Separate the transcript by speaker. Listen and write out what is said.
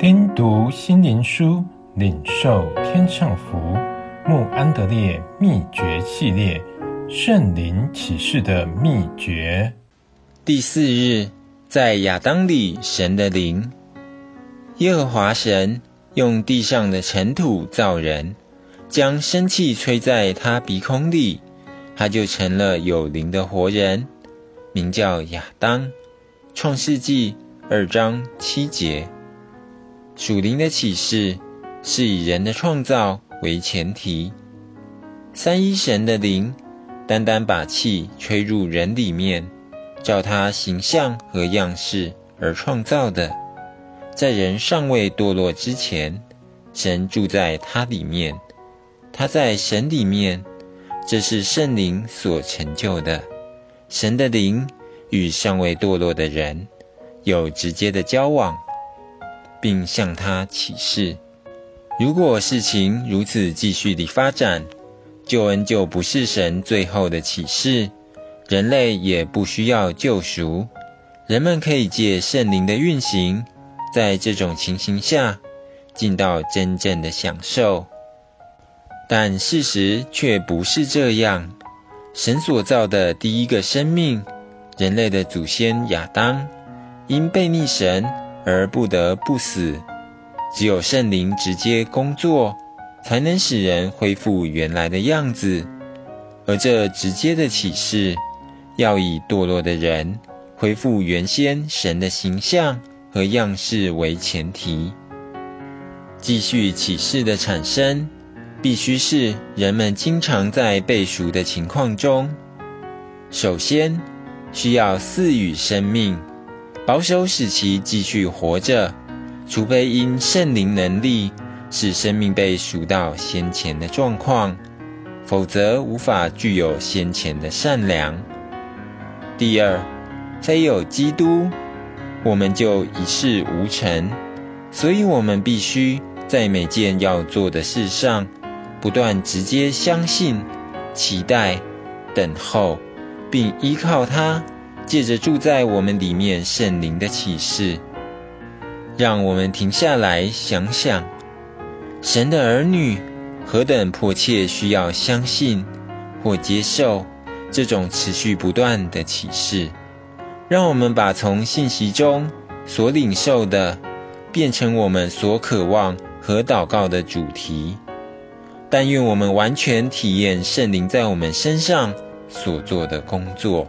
Speaker 1: 聽讀心靈書，領受天上福。慕安德烈秘訣系列《聖靈啟示的秘訣》第四日，在亞當裡神的靈，耶和華神用地上的塵土造人，將生氣吹在他鼻孔裡，他就成了有靈的活人，名叫亞當。創世紀二章七節。屬靈的啟示是以人的創造為前提。三一神的靈，單單把氣吹入人裡面，照他形象和樣式而創造的。在人尚未墮落之前，神住在他裡面，他在神裡面，這是聖靈所成就的。神的靈與尚未墮落的人有直接的交往。並向他啟示，如果事情如此繼續地發展，救恩就不是神最後的啟示，人類也不需要救贖，人們可以借聖靈的運行，在這種情形下，進到真正的享受。但事實卻不是這樣，神所造的第一個生命，人類的祖先亞當，因悖逆神，而不得不死，只有聖靈直接工作，才能使人恢復原來的樣子。而這直接的啟示，要以墮落的人恢復原先神的形象和樣式為前提。繼續啟示的產生，必須是人們經常在被贖的情況中。首先，需要賜予生命。保守使其繼續活着，除非因聖靈能力，使生命被贖到先前的狀況，否則無法具有先前的善良。第二，非有基督，我們就一事無成，所以我們必須在每件要做的事上不斷直接相信、期待、等候，並依靠祂，借着住在我們裡面聖靈的啟示，讓我們停下來想想，神的兒女何等迫切需要相信或接受這種持續不斷的啟示。讓我們把從信息中所領受的，變成我們所渴望和禱告的主題。但願我們完全體驗聖靈在我們身上所做的工作。